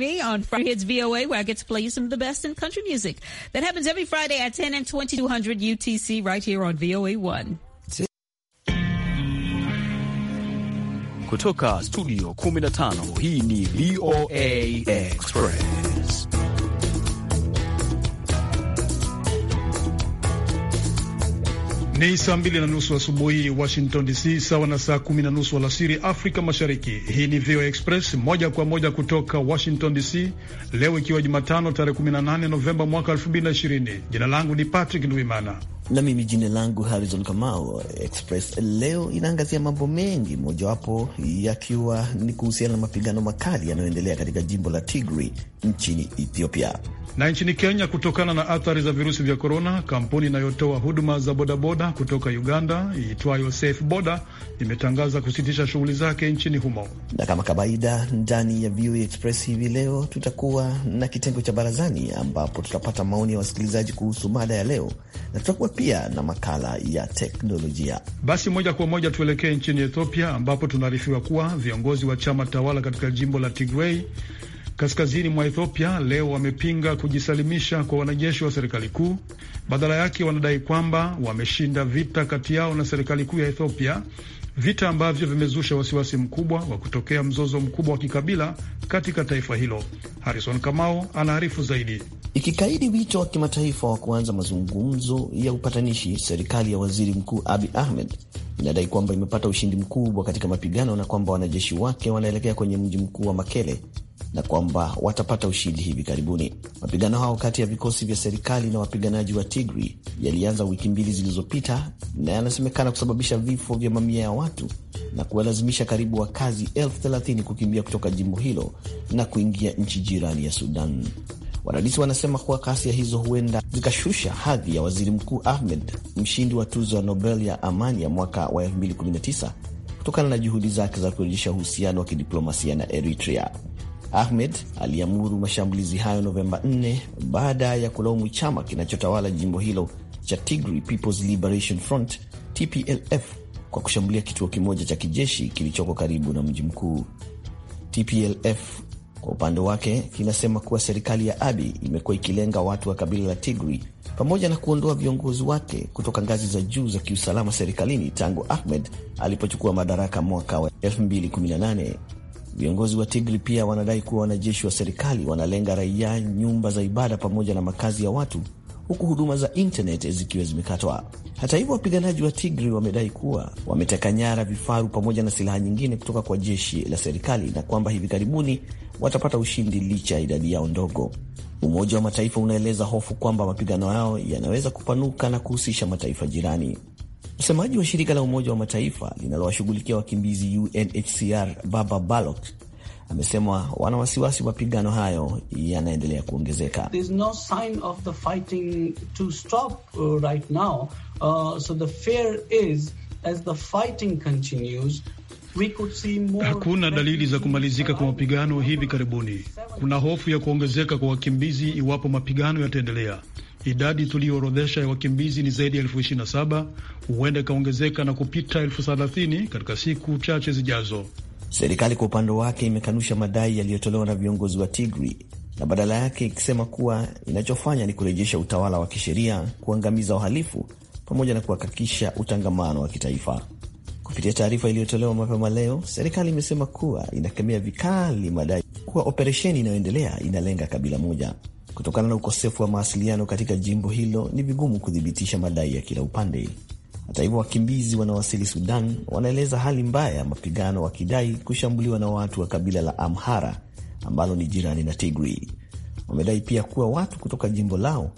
me on Friday. It's VOA where I get to play you some of the best in country music. That happens every Friday at 10 and 2200 UTC right here on VOA 1. Kutoka studio 15 hii ni VOA Express. Ni saa mbili na nusu asubuhi wa Washington DC, sawa na saa kumi na nusu alasiri Afrika Mashariki. Hii ni VOA Express moja kwa moja kutoka Washington DC, leo ikiwa Jumatano tarehe 18 Novemba mwaka 2020. Jina langu ni Patrick Ndwimana na mimi jina langu Harrison Kamau. Express leo inaangazia mambo mengi, mojawapo yakiwa ni kuhusiana na mapigano makali yanayoendelea katika jimbo la Tigray nchini Ethiopia. Na nchini Kenya, kutokana na athari za virusi vya korona, kampuni inayotoa huduma za bodaboda kutoka Uganda iitwayo Safe Boda imetangaza kusitisha shughuli zake nchini humo. Na kama kawaida, ndani ya VOA Express hivi leo tutakuwa na kitengo cha barazani, ambapo tutapata maoni ya wasikilizaji kuhusu mada ya leo, na tutakuwa pia na makala ya teknolojia. Basi moja kwa moja tuelekee nchini Ethiopia, ambapo tunaarifiwa kuwa viongozi wa chama tawala katika jimbo la Tigray kaskazini mwa Ethiopia leo wamepinga kujisalimisha kwa wanajeshi wa serikali kuu. Badala yake wanadai kwamba wameshinda vita kati yao na serikali kuu ya Ethiopia, vita ambavyo vimezusha wasiwasi mkubwa wa kutokea mzozo mkubwa wa kikabila katika taifa hilo. Harrison Kamao anaarifu zaidi. Ikikaidi wito wa kimataifa wa kuanza mazungumzo ya upatanishi, serikali ya waziri mkuu Abi Ahmed inadai kwamba imepata ushindi mkubwa katika mapigano na kwamba wanajeshi wake wanaelekea kwenye mji mkuu wa Makele na kwamba watapata ushindi hivi karibuni. Mapigano hao kati ya vikosi vya serikali na wapiganaji wa Tigri yalianza wiki mbili zilizopita na yanasemekana kusababisha vifo vya mamia ya watu na kuwalazimisha karibu wakazi elfu thelathini kukimbia kutoka jimbo hilo na kuingia nchi jirani ya Sudan. Wadadisi wanasema kuwa ghasia hizo huenda zikashusha hadhi ya waziri mkuu Ahmed, mshindi wa tuzo ya Nobel ya amani ya mwaka wa 2019 kutokana na juhudi zake za kurejesha uhusiano wa kidiplomasia na Eritrea. Ahmed aliamuru mashambulizi hayo Novemba 4 baada ya kulaumu chama kinachotawala jimbo hilo cha Tigray People's Liberation Front TPLF kwa kushambulia kituo kimoja cha kijeshi kilichoko karibu na mji mkuu. TPLF kwa upande wake kinasema kuwa serikali ya Abi imekuwa ikilenga watu wa kabila la tigri pamoja na kuondoa viongozi wake kutoka ngazi za juu za kiusalama serikalini tangu Ahmed alipochukua madaraka mwaka wa 2018 Viongozi wa Tigri pia wanadai kuwa wanajeshi wa serikali wanalenga raia, nyumba za ibada pamoja na makazi ya watu, huku huduma za intaneti zikiwa zimekatwa. Hata hivyo, wapiganaji wa Tigri wamedai kuwa wameteka nyara vifaru pamoja na silaha nyingine kutoka kwa jeshi la serikali na kwamba hivi karibuni watapata ushindi licha ya idadi yao ndogo. Umoja wa Mataifa unaeleza hofu kwamba mapigano yao yanaweza kupanuka na kuhusisha mataifa jirani. Msemaji wa shirika la Umoja wa Mataifa linalowashughulikia wakimbizi UNHCR Baba Balok amesema wana wasiwasi mapigano hayo yanaendelea kuongezeka. No uh, right now uh, so the fear is as the fighting continues Hakuna dalili za kumalizika kwa mapigano hivi karibuni. Kuna hofu ya kuongezeka kwa wakimbizi iwapo mapigano yataendelea. Idadi tuliyoorodhesha ya wakimbizi ni zaidi ya elfu ishirini na saba huenda ikaongezeka na kupita elfu thelathini katika siku chache zijazo. Serikali kwa upande wake imekanusha madai yaliyotolewa na viongozi wa Tigri na badala yake ikisema kuwa inachofanya ni kurejesha utawala wa kisheria, kuangamiza uhalifu pamoja na kuhakikisha utangamano wa kitaifa. Kupitia taarifa iliyotolewa mapema leo, serikali imesema kuwa inakemea vikali madai kuwa operesheni inayoendelea inalenga kabila moja. Kutokana na ukosefu wa mawasiliano katika jimbo hilo, ni vigumu kuthibitisha madai ya kila upande. Hata hivyo, wakimbizi wanaowasili Sudan wanaeleza hali mbaya ya mapigano, wakidai kushambuliwa na watu wa kabila la Amhara ambalo ni jirani na Tigri. Wamedai pia kuwa watu kutoka jimbo lao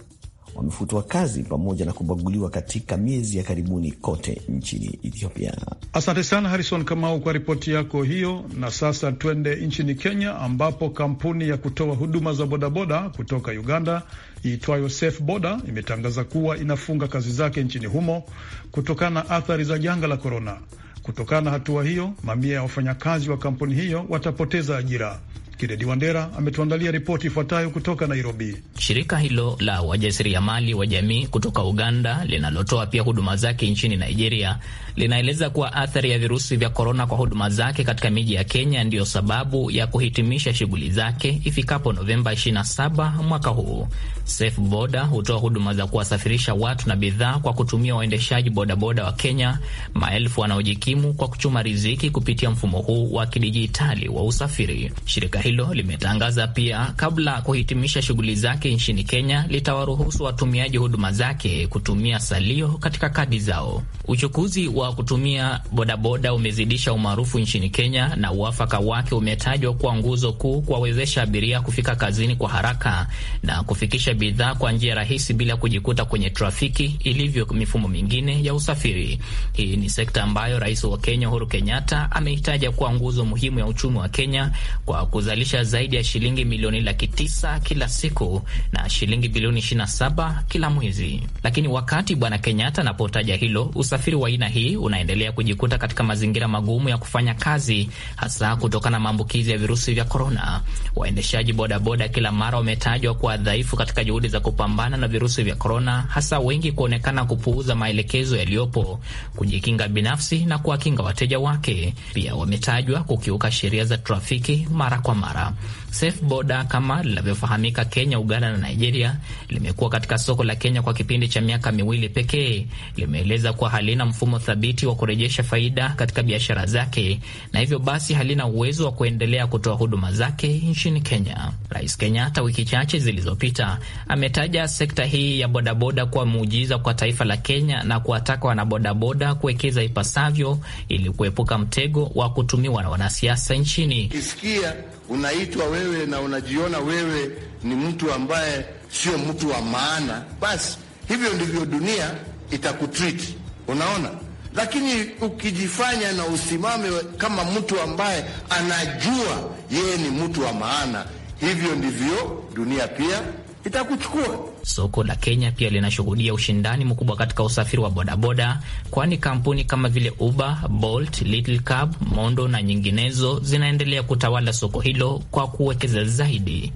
wamefutwa kazi pamoja na kubaguliwa katika miezi ya karibuni kote nchini Ethiopia. Asante sana Harrison Kamau kwa ripoti yako hiyo. Na sasa twende nchini Kenya, ambapo kampuni ya kutoa huduma za bodaboda kutoka Uganda iitwayo Safe Boda imetangaza kuwa inafunga kazi zake nchini humo kutokana na athari za janga la korona. Kutokana na hatua hiyo, mamia ya wafanyakazi wa kampuni hiyo watapoteza ajira. Kennedy Wandera ametuandalia ripoti ifuatayo kutoka Nairobi. Shirika hilo la wajasiriamali wa jamii kutoka Uganda linalotoa pia huduma zake nchini Nigeria linaeleza kuwa athari ya virusi vya korona kwa huduma zake katika miji ya Kenya ndiyo sababu ya kuhitimisha shughuli zake ifikapo Novemba 27 mwaka huu. Safe Boda hutoa huduma za kuwasafirisha watu na bidhaa kwa kutumia waendeshaji bodaboda wa Kenya, maelfu wanaojikimu kwa kuchuma riziki kupitia mfumo huu wa kidijitali wa usafiri. Shirika hilo limetangaza pia, kabla kuhitimisha shughuli zake nchini Kenya, litawaruhusu watumiaji huduma zake kutumia salio katika kadi zao. Uchukuzi wa kutumia bodaboda umezidisha umaarufu nchini Kenya na uwafaka wake umetajwa kuwa nguzo kuu kuwawezesha abiria kufika kazini kwa haraka na kufikisha bidhaa kwa njia rahisi bila kujikuta kwenye trafiki ilivyo mifumo mingine ya usafiri. Hii ni sekta ambayo rais wa Kenya Uhuru Kenyatta ameitaja kuwa nguzo muhimu ya uchumi wa Kenya kwa kuzali inazalisha zaidi ya shilingi milioni laki tisa kila siku na shilingi bilioni 27 kila mwezi. Lakini wakati Bwana Kenyatta anapotaja hilo, usafiri wa aina hii unaendelea kujikuta katika mazingira magumu ya kufanya kazi, hasa kutokana na maambukizi ya virusi vya korona. Waendeshaji bodaboda kila mara wametajwa kuwa dhaifu katika juhudi za kupambana na virusi vya korona, hasa wengi kuonekana kupuuza maelekezo yaliyopo kujikinga binafsi na kuwakinga wateja wake. Pia wametajwa kukiuka sheria za trafiki mara kwa mara. Guadalajara. Safe Boda kama linavyofahamika Kenya, Uganda na Nigeria limekuwa katika soko la Kenya kwa kipindi cha miaka miwili pekee. Limeeleza kuwa halina mfumo thabiti wa kurejesha faida katika biashara zake na hivyo basi halina uwezo wa kuendelea kutoa huduma zake nchini Kenya. Rais Kenyatta wiki chache zilizopita ametaja sekta hii ya bodaboda kuwa muujiza kwa taifa la Kenya na kuwataka wanabodaboda kuwekeza ipasavyo ili kuepuka mtego wa kutumiwa na wanasiasa nchini. Isikia, unaitwa we wewe na unajiona wewe ni mtu ambaye sio mtu wa maana, basi hivyo ndivyo dunia itakutreat. unaona. Lakini ukijifanya na usimame kama mtu ambaye anajua yeye ni mtu wa maana, hivyo ndivyo dunia pia itakuchukua. Soko la Kenya pia linashuhudia ushindani mkubwa katika usafiri wa bodaboda, kwani kampuni kama vile Uber, Bolt, Little Cab, Mondo na nyinginezo zinaendelea kutawala soko hilo kwa kuwekeza zaidi.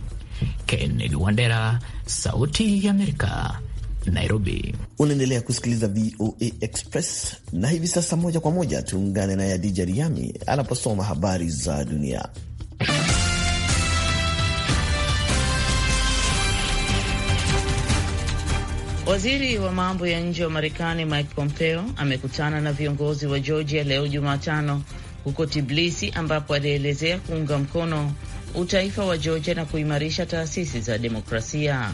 Kennedy Wandera, Sauti ya Amerika, Nairobi. Unaendelea kusikiliza VOA Express na hivi sasa, moja kwa moja tuungane naye Adija Riami anaposoma habari za dunia. Waziri wa mambo ya nje wa Marekani Mike Pompeo amekutana na viongozi wa Georgia leo Jumatano huko Tbilisi, ambapo alielezea kuunga mkono utaifa wa Georgia na kuimarisha taasisi za demokrasia.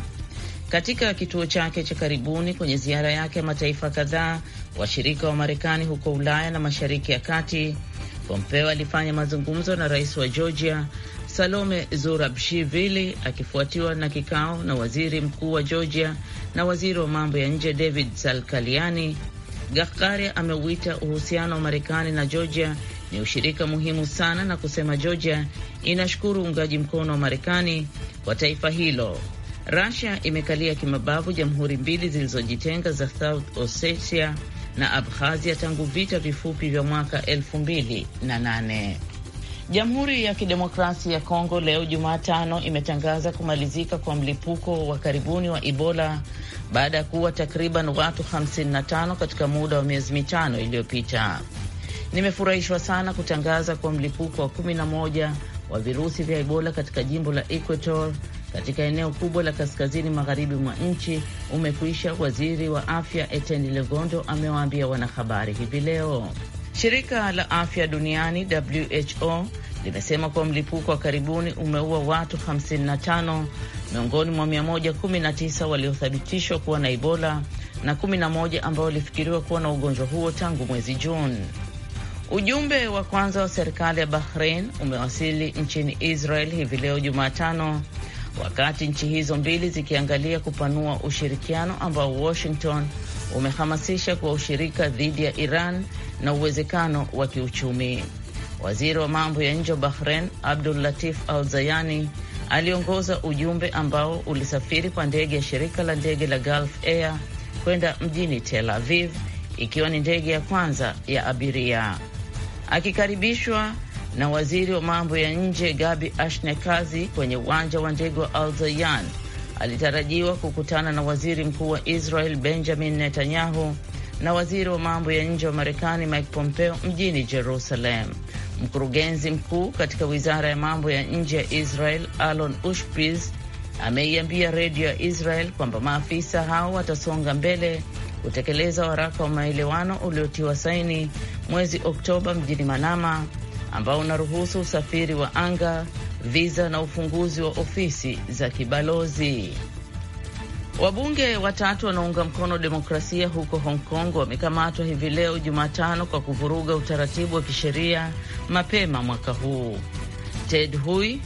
Katika kituo chake cha karibuni kwenye ziara yake ya mataifa kadhaa washirika wa, wa Marekani huko Ulaya na Mashariki ya Kati, Pompeo alifanya mazungumzo na rais wa Georgia Salome Zurabishvili akifuatiwa na kikao na waziri mkuu wa Georgia na waziri wa mambo ya nje David Salkaliani. Gakharia ameuita uhusiano wa Marekani na Georgia ni ushirika muhimu sana na kusema Georgia inashukuru uungaji mkono wa Marekani kwa taifa hilo. rasia imekalia kimabavu jamhuri mbili zilizojitenga za South Ossetia na Abkhazia tangu vita vifupi vya mwaka elfu mbili na nane. Jamhuri ya Kidemokrasia ya Kongo leo Jumatano imetangaza kumalizika kwa mlipuko wa karibuni wa Ebola baada ya kuwa takriban watu 55 katika muda wa miezi mitano iliyopita. Nimefurahishwa sana kutangaza kwa mlipuko wa 11 wa virusi vya Ebola katika jimbo la Equator katika eneo kubwa la kaskazini magharibi mwa nchi umekwisha, waziri wa afya Etienne Legondo amewaambia wanahabari hivi leo. Shirika la afya duniani WHO limesema kuwa mlipuko wa karibuni umeua watu 55 miongoni mwa 119 waliothibitishwa kuwa na Ebola na 11 ambao walifikiriwa kuwa na ugonjwa huo tangu mwezi Juni. Ujumbe wa kwanza wa serikali ya Bahrain umewasili nchini Israel hivi leo Jumatano, wakati nchi hizo mbili zikiangalia kupanua ushirikiano ambao Washington umehamasisha kwa ushirika dhidi ya Iran na uwezekano wa kiuchumi. Waziri wa mambo ya nje wa Bahrain Abdul Latif Al Zayani aliongoza ujumbe ambao ulisafiri kwa ndege ya shirika la ndege la Gulf Air kwenda mjini Tel Aviv, ikiwa ni ndege ya kwanza ya abiria. Akikaribishwa na waziri wa mambo ya nje Gabi Ashnekazi kwenye uwanja wa ndege wa Al Zayan, alitarajiwa kukutana na waziri mkuu wa Israel Benjamin Netanyahu na waziri wa mambo ya nje wa Marekani Mike Pompeo mjini Jerusalem. Mkurugenzi mkuu katika wizara ya mambo ya nje ya Israel Alon Ushpiz ameiambia redio ya Israel kwamba maafisa hao watasonga mbele kutekeleza waraka wa maelewano uliotiwa saini mwezi Oktoba mjini Manama, ambao unaruhusu usafiri wa anga, viza na ufunguzi wa ofisi za kibalozi. Wabunge watatu wanaunga mkono demokrasia huko Hong Kong wamekamatwa hivi leo Jumatano kwa kuvuruga utaratibu wa kisheria mapema mwaka huu. Ted Hui,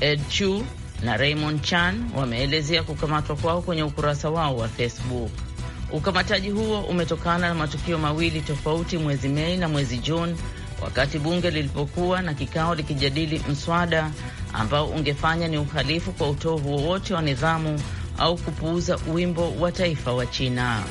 Ed Chu na Raymond Chan wameelezea kukamatwa kwao kwenye ukurasa wao wa Facebook. Ukamataji huo umetokana na matukio mawili tofauti mwezi Mei na mwezi Juni, wakati bunge lilipokuwa na kikao likijadili mswada ambao ungefanya ni uhalifu kwa utovu wowote wa nidhamu au kupuuza wimbo wa taifa wa China.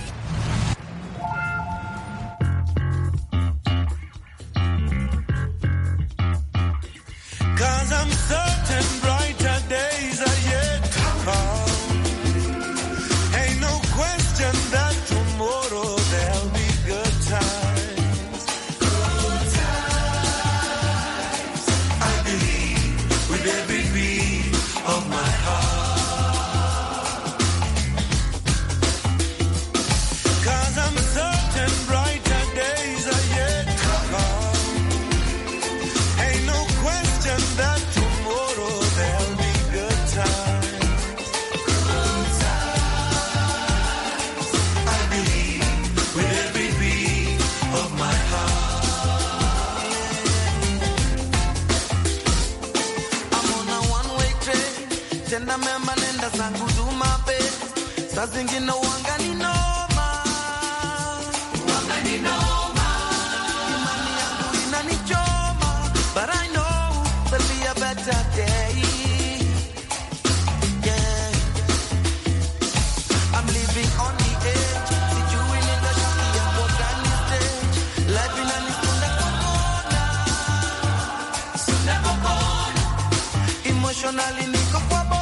internationally. Nico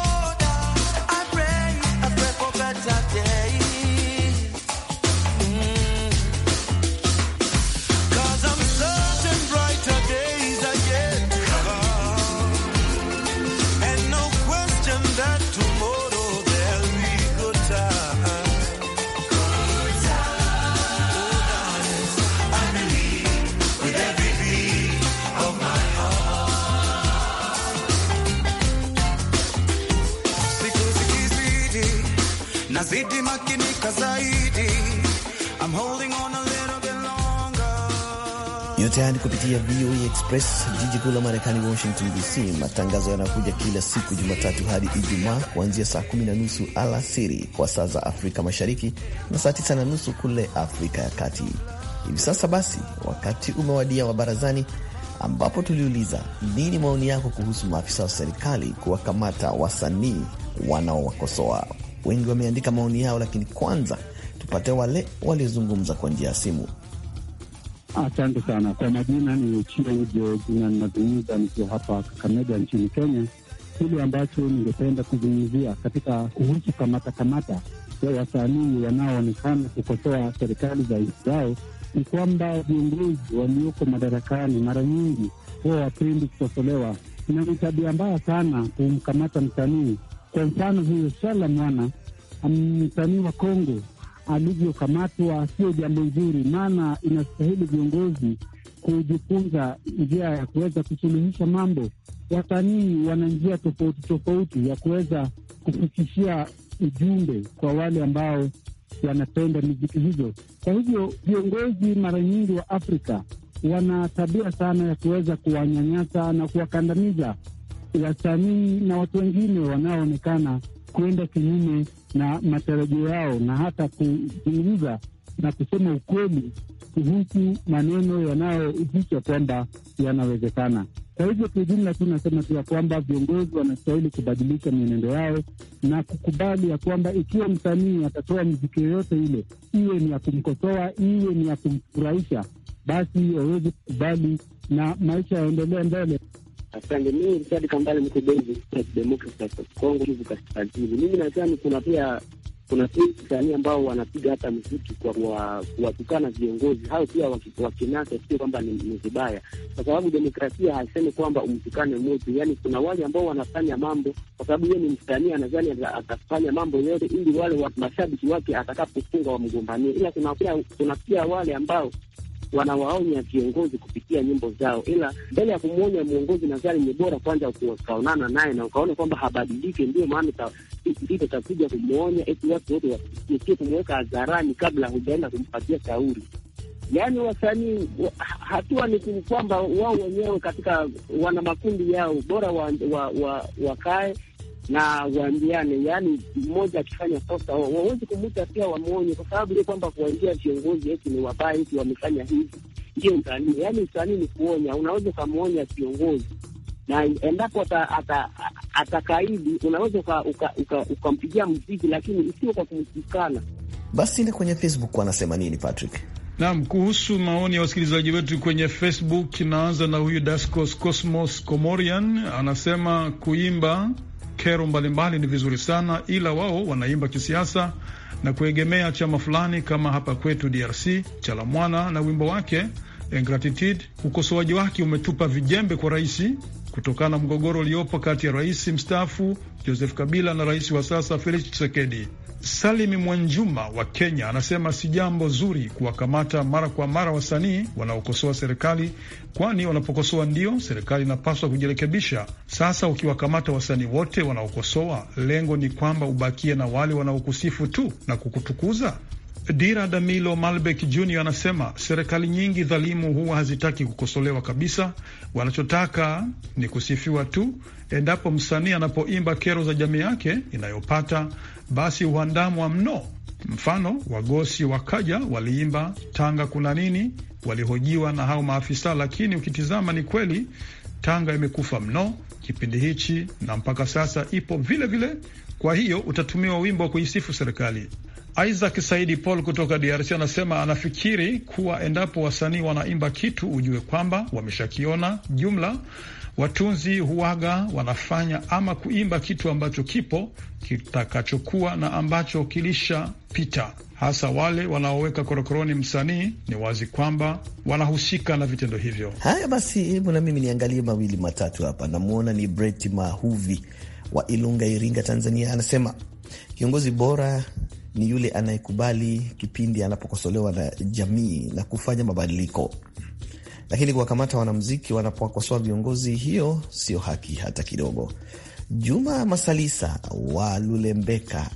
mitaani kupitia VOA Express, jiji kuu la Marekani, Washington DC. Matangazo yanakuja kila siku Jumatatu hadi Ijumaa, kuanzia saa kumi na nusu alasiri kwa saa za Afrika Mashariki na saa tisa na nusu kule Afrika ya Kati. Hivi sasa basi, wakati umewadia wa Barazani, ambapo tuliuliza nini maoni yako kuhusu maafisa wa serikali kuwakamata wasanii wanaowakosoa. Wengi wameandika maoni yao, lakini kwanza tupate wale waliozungumza kwa njia ya simu. Asante sana kwa majina, ni Chienjo jina ninazungumza nikiwa hapa Kakamega nchini Kenya. Kile ambacho ningependa kuzungumzia katika kuhusu kamata kamata ya wasanii wanaoonekana kukosoa serikali za nchi zao ni kwamba viongozi walioko madarakani mara nyingi huwa wapendi kukosolewa, na ni tabia mbaya sana kumkamata msanii. Kwa mfano, huyo Shala Mwana, msanii wa Kongo alivyokamatwa sio jambo nzuri, maana inastahili viongozi kujifunza njia ya kuweza kusuluhisha mambo. Wasanii wana njia tofauti tofauti ya kuweza kufikishia ujumbe kwa wale ambao wanapenda miziki hizo. Kwa hivyo viongozi mara nyingi wa Afrika wana tabia sana ya kuweza kuwanyanyasa na kuwakandamiza wasanii na watu wengine wanaoonekana kwenda kinyume na matarajio yao na hata kuzungumza na kusema ukweli kuhusu maneno yanayohusisha kwamba yanawezekana. Kwa hivyo kiujumla tu nasema tu ya kwamba viongozi wanastahili kubadilisha mienendo yao na kukubali ya kwamba ikiwa msanii atatoa mziki yoyote ile, iwe ni ya kumkosoa, iwe ni ya kumfurahisha, basi waweze kukubali na maisha yaendelee mbele. Asante. Mimi Richard Kambale, mko Beni ya Demokrasia Kongo, Kivu Kaskazini. Mimi nadhani kuna pia kuna wasanii ambao wanapiga hata mziki kwa kuwatukana viongozi hao, pia wakinasa, sio kwamba ni vibaya, kwa sababu demokrasia haisemi kwamba umtukane mtu. Yani kuna wale ambao wanafanya mambo kwa sababu yeye ni msanii, anadhani atafanya mambo yote ili wale mashabiki wake atakapofunga wamgombanie, ila kuna pia wale ambao wanawaonya viongozi kupitia nyimbo zao, ila mbele ya kumwonya mwongozi, nadhani ni bora kwanza ukaonana naye na ukaona kwamba habadilike. Ndio maana ndipo takuja kumwonya, eti watu wote wasikie kumweka hadharani kabla hujaenda kumpatia shauri. Yaani wasanii hatua ni kwamba wao wenyewe katika wana makundi yao bora wakae wa, wa, wa na waambiane, yaani mmoja akifanya kosa wawezi kumuta pia wamwonye, kwa sababu ile kwamba kuwaingia viongozi eti ni wabaya, eti wamefanya hivi, ndio msanii. Yaani msanii ni kuonya, unaweza ukamwonya viongozi na endapo atakaidi ata, ata unaweza ukampigia uka, uka mziki, lakini isio kwa kumtukana. Basi ile kwenye Facebook wanasema nini, Patrick? Naam, kuhusu maoni ya wasikilizaji wetu kwenye Facebook, naanza na huyu Dascos Cosmos Comorian anasema kuimba kero mbalimbali ni vizuri sana, ila wao wanaimba kisiasa na kuegemea chama fulani, kama hapa kwetu DRC Chalamwana na wimbo wake Ingratitude. Ukosoaji wake umetupa vijembe kwa rais kutokana na mgogoro uliopo kati ya rais mstaafu Joseph Kabila na rais wa sasa Felix Tshisekedi. Salimi mwanjuma wa Kenya anasema si jambo zuri kuwakamata mara kwa mara wasanii wanaokosoa serikali, kwani wanapokosoa ndio serikali inapaswa kujirekebisha. Sasa ukiwakamata wasanii wote wanaokosoa, lengo ni kwamba ubakie na wale wanaokusifu tu na kukutukuza. Dira Damilo Malbek Jr anasema serikali nyingi dhalimu huwa hazitaki kukosolewa kabisa, wanachotaka ni kusifiwa tu. Endapo msanii anapoimba kero za jamii yake inayopata, basi huandamwa mno. Mfano, Wagosi wakaja waliimba Tanga kuna nini, walihojiwa na hao maafisa, lakini ukitizama ni kweli Tanga imekufa mno kipindi hichi na mpaka sasa ipo vile vile. Kwa hiyo utatumiwa wimbo wa kuisifu serikali. Isaac Saidi Paul kutoka DRC anasema anafikiri kuwa endapo wasanii wanaimba kitu, ujue kwamba wameshakiona. Jumla watunzi huwaga wanafanya ama kuimba kitu ambacho kipo kitakachokuwa na ambacho kilishapita, hasa wale wanaoweka korokoroni msanii, ni wazi kwamba wanahusika na vitendo hivyo. Haya basi, hebu na mimi niangalie mawili matatu hapa. Namwona ni Brett Mahuvi wa Ilunga, Iringa, Tanzania, anasema kiongozi bora ni yule anayekubali kipindi anapokosolewa na jamii na kufanya mabadiliko, lakini kuwakamata wanamuziki wanapowakosoa viongozi, hiyo sio haki hata kidogo. Juma Masalisa wa Lulembeka,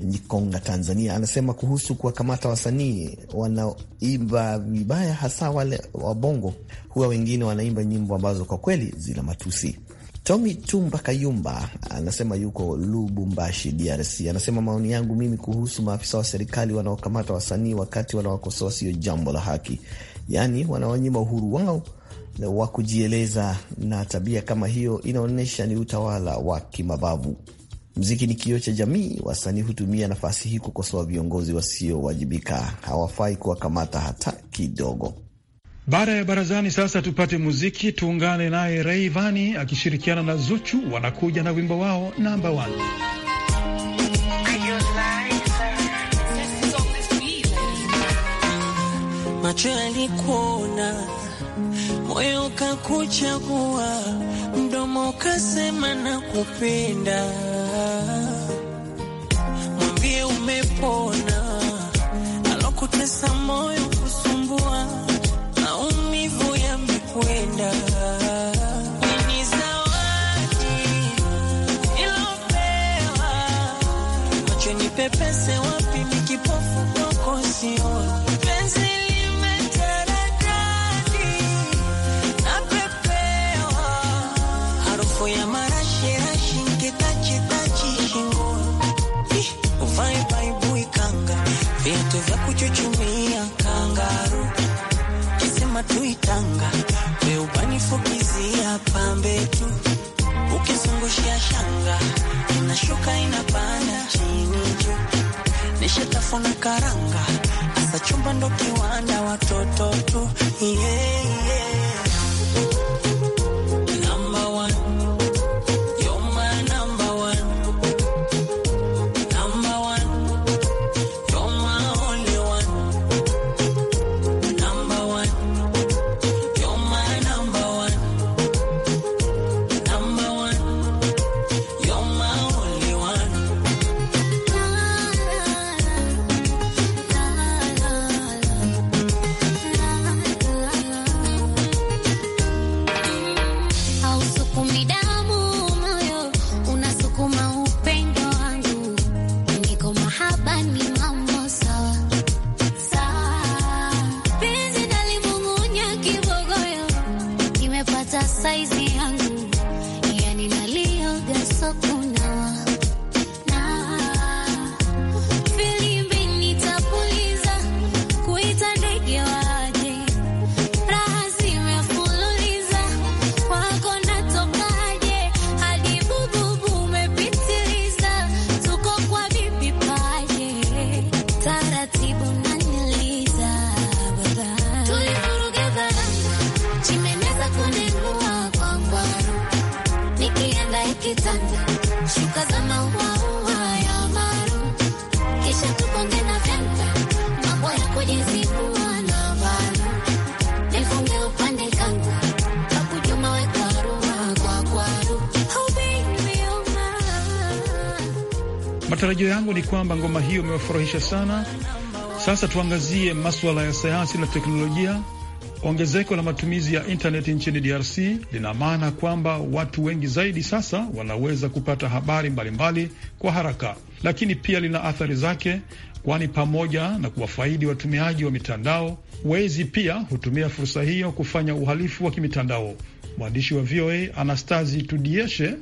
Nyikonga, Tanzania, anasema kuhusu kuwakamata wasanii wanaoimba vibaya, hasa wale wa bongo, huwa wengine wanaimba nyimbo ambazo kwa kweli zina matusi. Tommy Tumba Kayumba anasema yuko Lubumbashi, DRC. Anasema maoni yangu mimi kuhusu maafisa wa serikali wanaokamata wasanii wakati wanawakosoa sio jambo la haki, yaani wanawanyima uhuru wao wa kujieleza, na tabia kama hiyo inaonyesha ni utawala wa kimabavu. Mziki ni kioo cha jamii. Wasanii hutumia nafasi hii kukosoa viongozi wasiowajibika, hawafai kuwakamata hata kidogo. Baada ya barazani, sasa tupate muziki. Tuungane naye reivani akishirikiana na Zuchu, wanakuja na wimbo wao namba 1. Macho yalikuona, moyo kakuchagua, mdomo ukasema na kupenda pese alafu na karanga hasa chumba ndo kiwanda watoto tu Matarajio yangu ni kwamba ngoma hiyo imewafurahisha sana. Sasa tuangazie maswala ya sayansi na teknolojia. Ongezeko la matumizi ya intaneti nchini DRC lina maana kwamba watu wengi zaidi sasa wanaweza kupata habari mbalimbali mbali kwa haraka, lakini pia lina athari zake, kwani pamoja na kuwafaidi watumiaji wa mitandao, wezi pia hutumia fursa hiyo kufanya uhalifu wa kimitandao. Mwandishi wa VOA Anastasi Tudieshe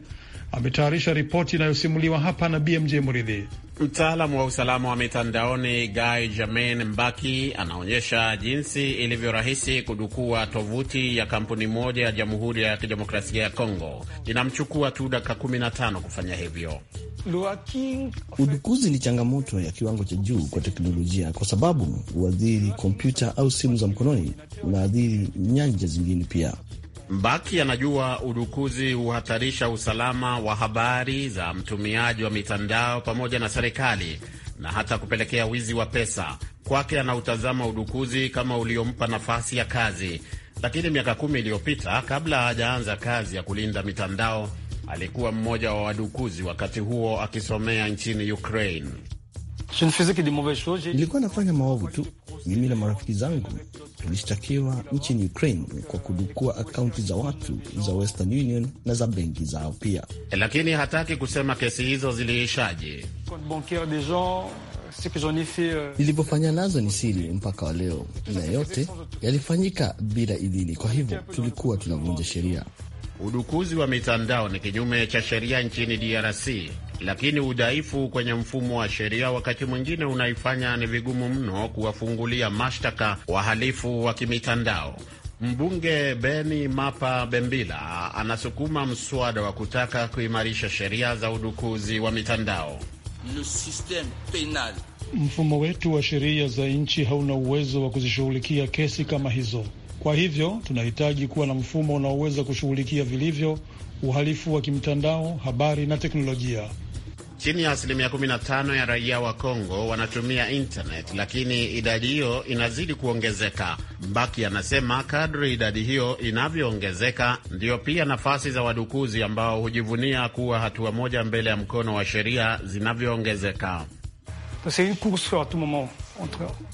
ametayarisha ripoti inayosimuliwa hapa na BMJ Muridhi. Mtaalamu wa usalama wa mitandaoni Guy Jermain Mbaki anaonyesha jinsi ilivyo rahisi kudukua tovuti ya kampuni moja ya Jamhuri ya Kidemokrasia ya Kongo. Inamchukua tu dakika 15 kufanya hivyo. Udukuzi ni changamoto ya kiwango cha juu kwa teknolojia, kwa sababu huadhiri kompyuta au simu za mkononi, unaathiri nyanja zingine pia. Mbaki anajua udukuzi huhatarisha usalama wa habari za mtumiaji wa mitandao pamoja na serikali na hata kupelekea wizi wa pesa. Kwake anautazama udukuzi kama uliompa nafasi ya kazi, lakini miaka kumi iliyopita kabla hajaanza kazi ya kulinda mitandao alikuwa mmoja wa wadukuzi, wakati huo akisomea nchini Ukraine. Nilikuwa nafanya maovu tu, mimi na marafiki zangu vilishtakiwa nchini Ukraine kwa kudukua akaunti za watu za Western Union na za benki zao pia, lakini hataki kusema kesi hizo ziliishaje. Nilivyofanya nazo ni siri mpaka wa leo, na yote yalifanyika bila idhini, kwa hivyo tulikuwa tunavunja sheria. Udukuzi wa mitandao ni kinyume cha sheria nchini DRC lakini udhaifu kwenye mfumo wa sheria wakati mwingine unaifanya ni vigumu mno kuwafungulia mashtaka wahalifu wa kimitandao. Mbunge Beni Mapa Bembila anasukuma mswada wa kutaka kuimarisha sheria za udukuzi wa mitandao. Mfumo wetu wa sheria za nchi hauna uwezo wa kuzishughulikia kesi kama hizo. Kwa hivyo tunahitaji kuwa na mfumo unaoweza kushughulikia vilivyo uhalifu wa kimtandao, habari na teknolojia. Chini ya asilimia 15 ya raia wa Kongo wanatumia internet, lakini idadi hiyo inazidi kuongezeka. Mbaki anasema kadri idadi hiyo inavyoongezeka ndiyo pia nafasi za wadukuzi ambao hujivunia kuwa hatua moja mbele ya mkono wa sheria zinavyoongezeka.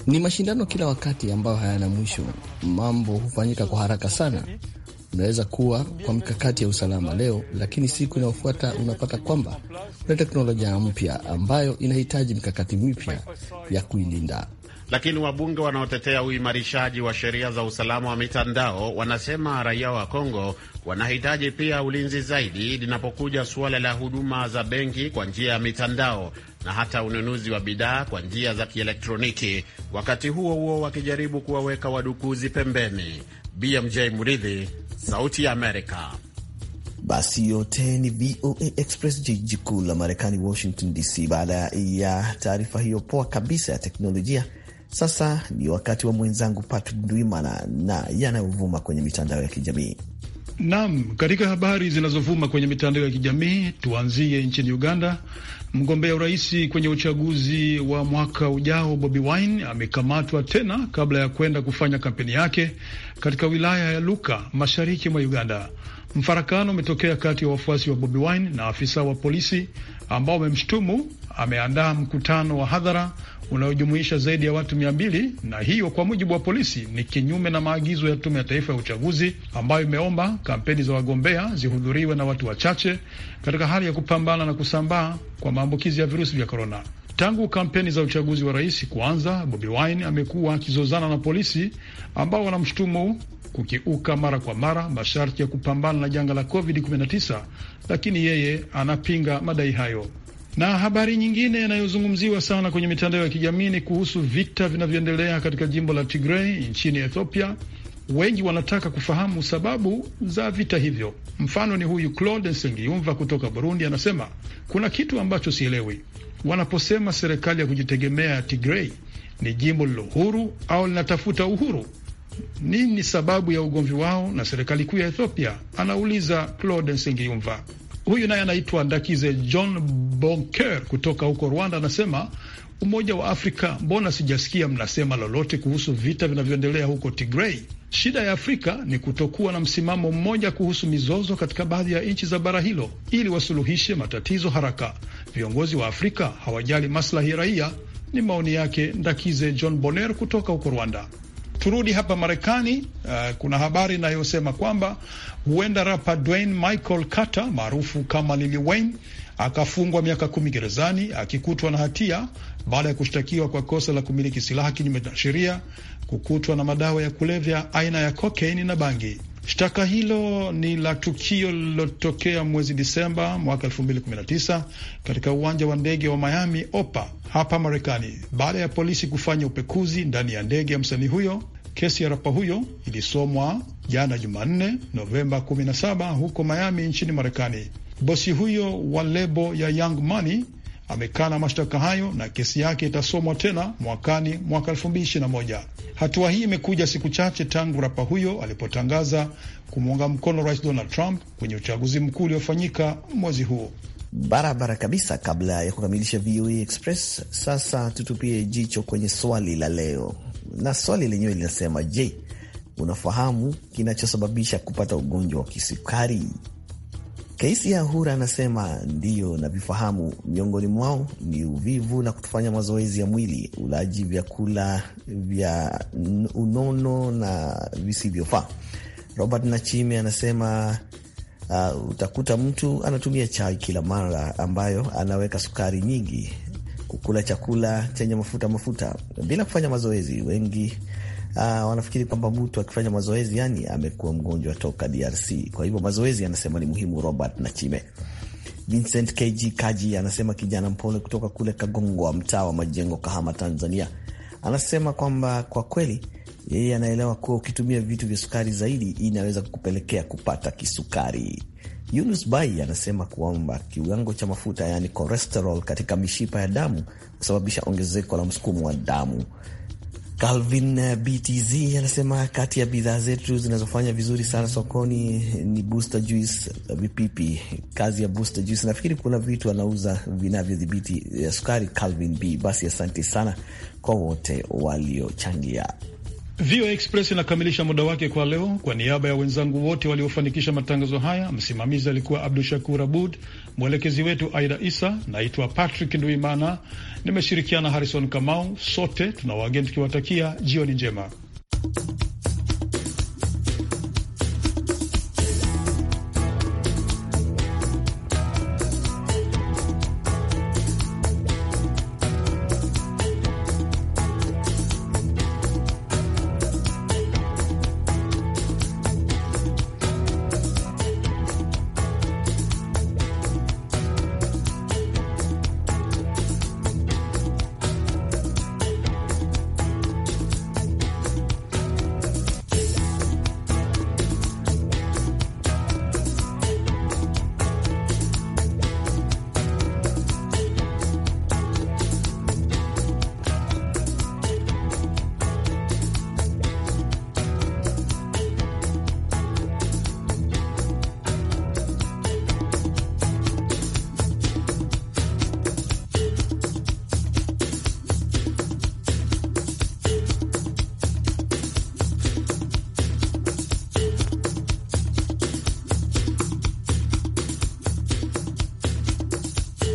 Ni mashindano kila wakati ambayo hayana mwisho. Mambo hufanyika kwa haraka sana. Unaweza kuwa kwa mikakati ya usalama leo, lakini siku inayofuata unapata kwamba kuna teknolojia mpya ambayo inahitaji mikakati mipya ya kuilinda. Lakini wabunge wanaotetea uimarishaji wa sheria za usalama wa mitandao wanasema raia wa Kongo wanahitaji pia ulinzi zaidi linapokuja suala la huduma za benki kwa njia ya mitandao na hata ununuzi wa bidhaa kwa njia za kielektroniki, wakati huo huo wakijaribu kuwaweka wadukuzi pembeni. BMJ Muridhi, Sauti ya Amerika. Basi yote ni VOA Express, jiji kuu la Marekani, Washington DC. Baada ya taarifa hiyo poa kabisa ya teknolojia sasa ni wakati wa mwenzangu Patrick Ndwimana na yanayovuma kwenye mitandao ya kijamii. Naam, katika habari zinazovuma kwenye mitandao ya kijamii tuanzie nchini Uganda. Mgombea urais kwenye uchaguzi wa mwaka ujao Bobi Wine amekamatwa tena kabla ya kwenda kufanya kampeni yake katika wilaya ya Luka mashariki mwa Uganda. Mfarakano umetokea kati ya wafuasi wa Bobi Wine na afisa wa polisi ambao wamemshutumu ameandaa mkutano wa hadhara unaojumuisha zaidi ya watu mia mbili na hiyo kwa mujibu wa polisi ni kinyume na maagizo ya Tume ya Taifa ya Uchaguzi ambayo imeomba kampeni za wagombea zihudhuriwe na watu wachache katika hali ya kupambana na kusambaa kwa maambukizi ya virusi vya korona. Tangu kampeni za uchaguzi wa rais kuanza, Bobi Wine amekuwa akizozana na polisi ambao wanamshutumu kukiuka mara kwa mara masharti ya kupambana na janga la COVID-19, lakini yeye anapinga madai hayo. Na habari nyingine inayozungumziwa sana kwenye mitandao ya kijamii ni kuhusu vita vinavyoendelea katika jimbo la tigrei nchini Ethiopia. Wengi wanataka kufahamu sababu za vita hivyo. Mfano ni huyu Claude sengiyumva kutoka Burundi, anasema kuna kitu ambacho sielewi wanaposema serikali ya kujitegemea ya Tigray ni jimbo lilo huru au linatafuta uhuru. Nini sababu ya ugomvi wao na serikali kuu ya Ethiopia? Anauliza Claude Nsengiyumva. Huyu naye anaitwa Ndakize John Bonker kutoka huko Rwanda, anasema Umoja wa Afrika, mbona sijasikia mnasema lolote kuhusu vita vinavyoendelea huko Tigrei? Shida ya Afrika ni kutokuwa na msimamo mmoja kuhusu mizozo katika baadhi ya nchi za bara hilo, ili wasuluhishe matatizo haraka. Viongozi wa Afrika hawajali maslahi ya raia. Ni maoni yake Ndakize John boner kutoka huko Rwanda. Turudi hapa Marekani. Uh, kuna habari inayosema kwamba huenda rapa Dwayne Michael Carter maarufu kama Lil Wayne akafungwa miaka kumi gerezani akikutwa na hatia baada ya kushtakiwa kwa kosa la kumiliki silaha kinyume na sheria, kukutwa na madawa ya kulevya aina ya kokaini na bangi. Shtaka hilo ni la tukio lililotokea mwezi Disemba mwaka 2019 katika uwanja wa ndege wa Miami Opa hapa Marekani, baada ya polisi kufanya upekuzi ndani ya ndege ya msanii huyo. Kesi ya rapa huyo ilisomwa jana Jumanne, Novemba 17 huko Miami nchini Marekani. Bosi huyo wa lebo ya Young Money amekana mashtaka hayo na kesi yake itasomwa tena mwakani mwaka moja. Hatua hii imekuja siku chache tangu rapa huyo alipotangaza kumuunga mkono Rais Donald Trump kwenye uchaguzi mkuu uliofanyika mwezi huo. Barabara kabisa. Kabla ya kukamilisha VOA Express, sasa tutupie jicho kwenye swali la leo, na swali lenyewe linasema: Je, unafahamu kinachosababisha kupata ugonjwa wa kisukari? Kaisi ya Hura anasema ndiyo navifahamu. Miongoni mwao ni uvivu na kutofanya mazoezi ya mwili, ulaji vyakula vya unono na visivyofaa. Robert Nachime anasema uh, utakuta mtu anatumia chai kila mara ambayo anaweka sukari nyingi, kukula chakula chenye mafuta mafuta bila kufanya mazoezi. Wengi Ah, wanafikiri kwamba mtu akifanya mazoezi yani amekuwa mgonjwa toka DRC. Kwa hivyo mazoezi anasema ni muhimu. Robert Nachime Vincent KG Kaji anasema kijana mpole kutoka kule Kagongwa, mtaa wa Majengo, Kahama, Tanzania, anasema kwamba kwa kweli yeye anaelewa kuwa ukitumia vitu vya sukari zaidi inaweza kupelekea kupata kisukari. Yunus Bai anasema kwamba kiwango cha mafuta yaani cholesterol katika mishipa ya damu husababisha ongezeko la msukumo wa damu. Calvin eh, BTZ anasema kati ya bidhaa zetu zinazofanya vizuri sana sokoni ni Booster Juice eh, vipipi. Kazi ya Booster Juice, nafikiri kuna vitu anauza vinavyodhibiti eh, sukari. Calvin B, basi asante sana kwa wote waliochangia. VOA Express inakamilisha muda wake kwa leo. Kwa niaba ya wenzangu wote waliofanikisha matangazo haya, msimamizi alikuwa Abdu Shakur Abud, Mwelekezi wetu Aida Isa. Naitwa Patrick Nduimana, nimeshirikiana Harrison Kamau. Sote tuna wageni tukiwatakia jioni njema.